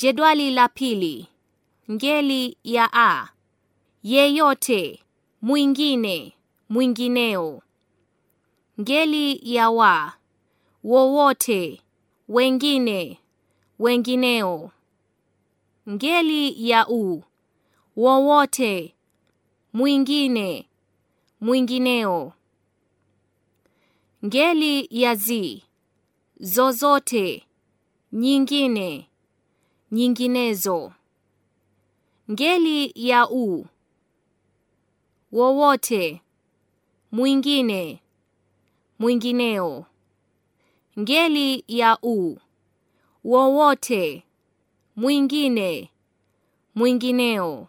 Jedwali la pili. Ngeli ya a. Yeyote, mwingine, mwingineo. Ngeli ya wa. Wowote, wengine, wengineo. Ngeli ya u. Wowote, mwingine, mwingineo. Ngeli ya zi. Zozote, nyingine nyinginezo. Ngeli ya u, wowote, mwingine, mwingineo. Ngeli ya u, wowote, mwingine, mwingineo.